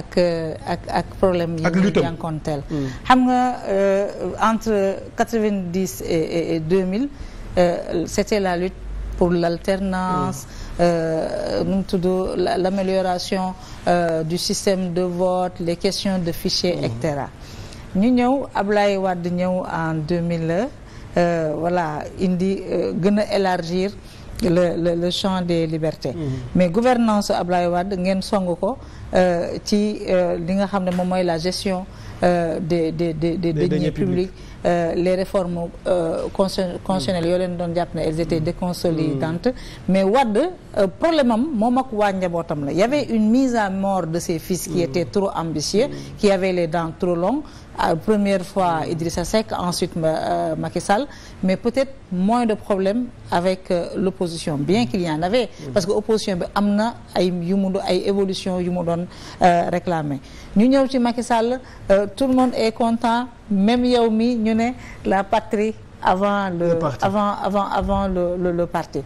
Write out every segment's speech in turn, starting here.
ak euh, ak ak problème yi ñu jànkonteel mm. xam nga euh, entre quatre-vingt-dix et deux mille euh, c'était la lutte pour l'alternance mm. nu mu tudd l'amélioration euh, du système de vote les questions de fichier et mm-hmm. cetera ñu ñëw Ablaye Wade ñëw en deux mille voilà indi euh, gën a élargir le le le champ des libertés. Mm-hmm. mais gouvernance Ablaye Wade ngeen song ko euh, ci euh, li nga xam ne moom mooy la gestion euh, des des des des deniers publics. les réformes constitutionnelles yoo leen doon jàpp ne elles étaient mm-hmm. déconsolidantes mais Wade problème am moom ak waa njabootam la y avait une mise à mort de ses fils qui mm-hmm. était trop ambitieux qui avait les dents trop longues Euh, première fois Idrissa Seck ensuite euh, Macky Sall mais peut-être moins de problème avec euh, l'opposition bien qu'il y en avait parce que opposition bi am na ay yu mu ay évolution yu mu doon euh, réclamer ñu ñëw ci Macky Sall euh, tout le monde est content même yow mi ñu ne la patrie avant le, le parti. avant avant avant le le, le parti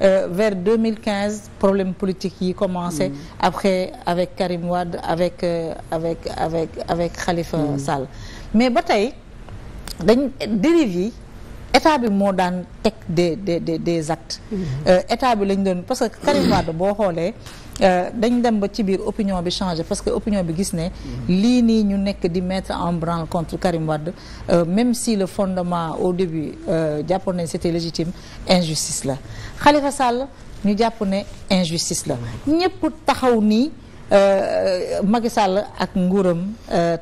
Euh, vers 2015 problème politique yi commencé. Mm. après avec Karim Wade avec euh, avec avec avec Khalifa mm. Sall mais ba tey dañ dérive yi. état bi moo daan teg des des des des actes. Mm-hmm. Euh, état bi lañ doon parce que Karim mm-hmm. Wade boo xoolee euh, dañ dem ba ci biir opinion bi changé parce que opinion bi gis ne. Mm-hmm. lii nii ñu nekk di metre en branle contre Karim Wade euh, même si le fondement au début jàppoon nañ c'était légitime injustice la Khalifa Sall ñu jàpp ne injustice la ñëpp taxaw nii. Macky sàll ak nguuram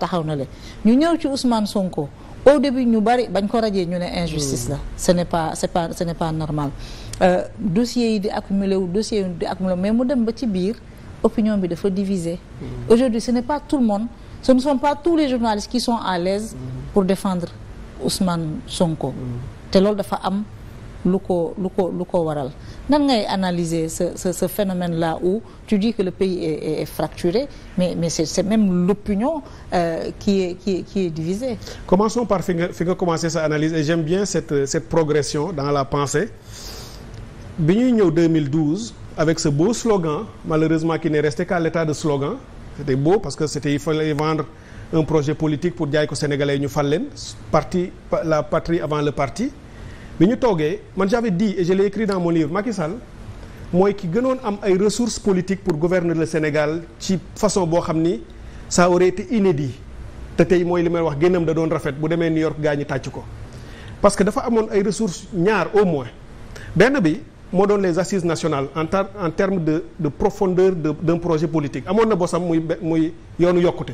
taxaw na le ñu ñëw ci Ousmane Sonko. au début ñu bari bañ ko rajee ñu ne injustice la ce n'est pas c'est pas ce n'est pas normal euh, yi di accumulé wu dossier yi di accumulé mais mu dem ba ci biir opinion bi dafa diviser mm-hmm. aujourd'hui ce ne pas tout le monde ce ne sont pas tous les journalistes qui sont à l'aise mm-hmm. pour défendre Ousmane Sonko mm-hmm. te loolu dafa am lu ko lu ko lu ko waral nan ngay analyser ce ce ce phénomène là où tu dis que le pays est, est, est fracturé mais mais c'est c'est même l'opinion euh, qui est divisée. Commençons par fi nga fi nga commencé sa analyse et j'aime bien cette cette progression dans la pensée bi ñuy ñëw 2012 avec ce beau slogan malheureusement qui n'est resté qu'à l'état de slogan c'était beau parce que c'était il fallait vendre un projet politique pour jaay ko sénégalais ñu fal leen parti la patrie avant le partie bi ñu toogee man j'avais di et je l'ai écrit dans mon livre Macky mooy ki gënoon am ay ressource politique pour gouverner le Sénégal ci façon boo xam ni ça aurait été inédit te tey mooy li may wax génnam da doon rafet bu demee New York gaa ñi tàcc ko parce que dafa amoon ay ressources ñaar au moins benn bi moo doon les assises nationales en ter en terme de de profondeur de d'un projet politique amoon na bosam muy muy yoonu yokkute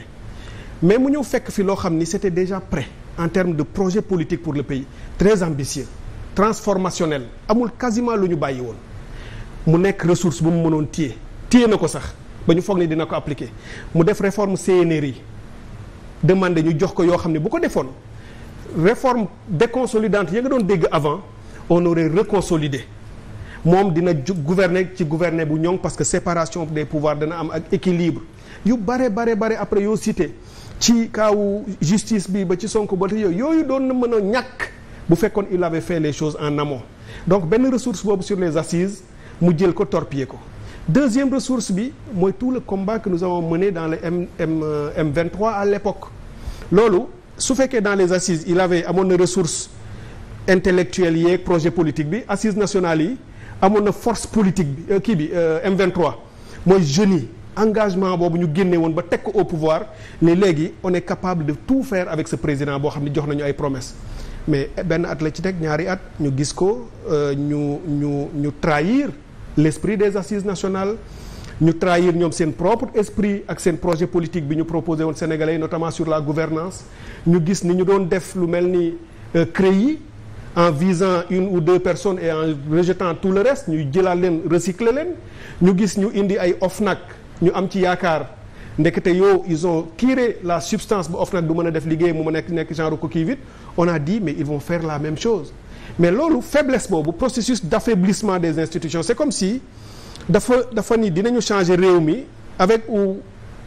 mais mu ñëw fekk fi loo xam ni c'était déjà prêt en terme de projet politique pour le pays très ambitieux transformationnel amul quasiment lu ñu bàyyi woon mu nekk ressource bu mu mënoon téye téye na ko sax ba ñu foog ne dina ko appliquer mu def réforme CNRI demandé ñu jox ko yoo xam ne bu ko defoon de déconsolidante ya nga doon dégg avant on aurait reconsolidé moom dina ju gouverner ci gouverner bu ñoŋ parce que séparation des pouvoirs dana am ak équilibre yu bare bare bare après yoo cité ci kaawu justice bi ba ci sonk ba yooyu yooyu doon na mën a ñàkk. bu fekkoon il avait fait les choses en amont donc benn ressource boobu sur les assises mu jël ko torpiller ko deuxième ressource bi mooy tout le combat que nous avons dans le M M euh, M23 à l'époque loolu su fekkee dans les assises il amoon na ressource intellectuelle yeeg projet politique bi assise nationale yi amoon na force politique bi euh, kii bi euh, M23 mooy jeunes yi engagement boobu ñu génne woon ba teg ko au pouvoir ne léegi on est capable de tout faire avec ce président boo xam ne jox nañu ay promesses mais benn at la ci teg ñaari at ñu gis ko euh, ñu ñu ñu trahir l'esprit des assises nationales ñu trahir ñoom seen propre esprit ak seen projet politique bi ñu proposé woon sénégalais notamment sur la gouvernance ñu gis ni ñu doon def lu mel ni euh, CREI en visant une ou deux personnes et en rejetant tout le reste ñuy jëlaat leen recycler leen ñu gis ñu indi ay nag ñu am ci yaakaar ndekete yow ils ont tiré la substance bu OFNAC du mën a def liggéey mu ma nekk nekk genre coquille vide on a dit mais ils vont faire la même chose mais loolu faiblesse boobu processus d'affaiblissement des institutions c'est comme si dafa dafa ni dinañu changer réew mi avec ou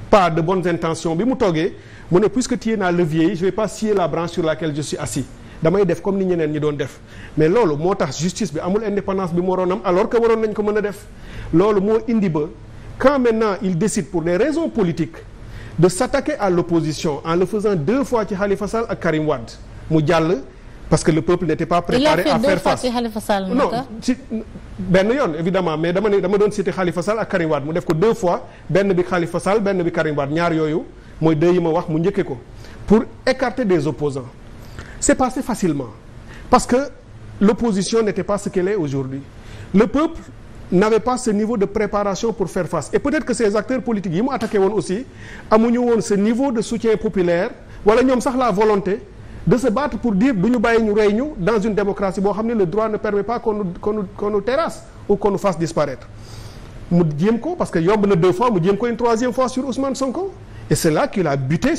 pas de bonnes intentions bi mu toogee mu ne puisque téye naa levier yi je vais pas scier la branche sur laquelle je suis assis damay def comme ni ñeneen ñi doon def mais loolu moo tax justice bi amul indépendance bi mu waroon am alors que waroon nañ ko mën a def loolu moo indi quand maintenant il décide pour des raisons politiques de s'attaquer à l'opposition en le faisant deux fois ci Khalifa Sall ak Karim mu jàll parce que le peuple n'était pas préparé à faire face il non benn yoon évidemment mais dama doon citer Khalifa Sall ak Karim Wade mu def ko deux fois benn bi Khalifa Sall benn bi Karim Wade ñaar yooyu mooy deux yi ma wax mu njëkkee ko pour écarter des opposants c'est passé facilement parce que l'opposition n'était pas ce qu'elle est aujourd'hui le n'avaient pas ce niveau de préparation pour faire face et peut-être que ces acteurs politiques yi mu attaqué woon aussi amuñu woon ce niveau de soutien populaire wala ñoom sax la volonté de se battre pour dire du ñu bàyyi ñu rey ñu dans une démocratie boo xam ne le droit ne permet pas qu'on nous qu'on terrasse ou qu'on nous disparaître mu jéem ko parce que yomb na deux fois mu jéem ko une troisième fois sur Ousmane Sonko et c'est là qu'il a buté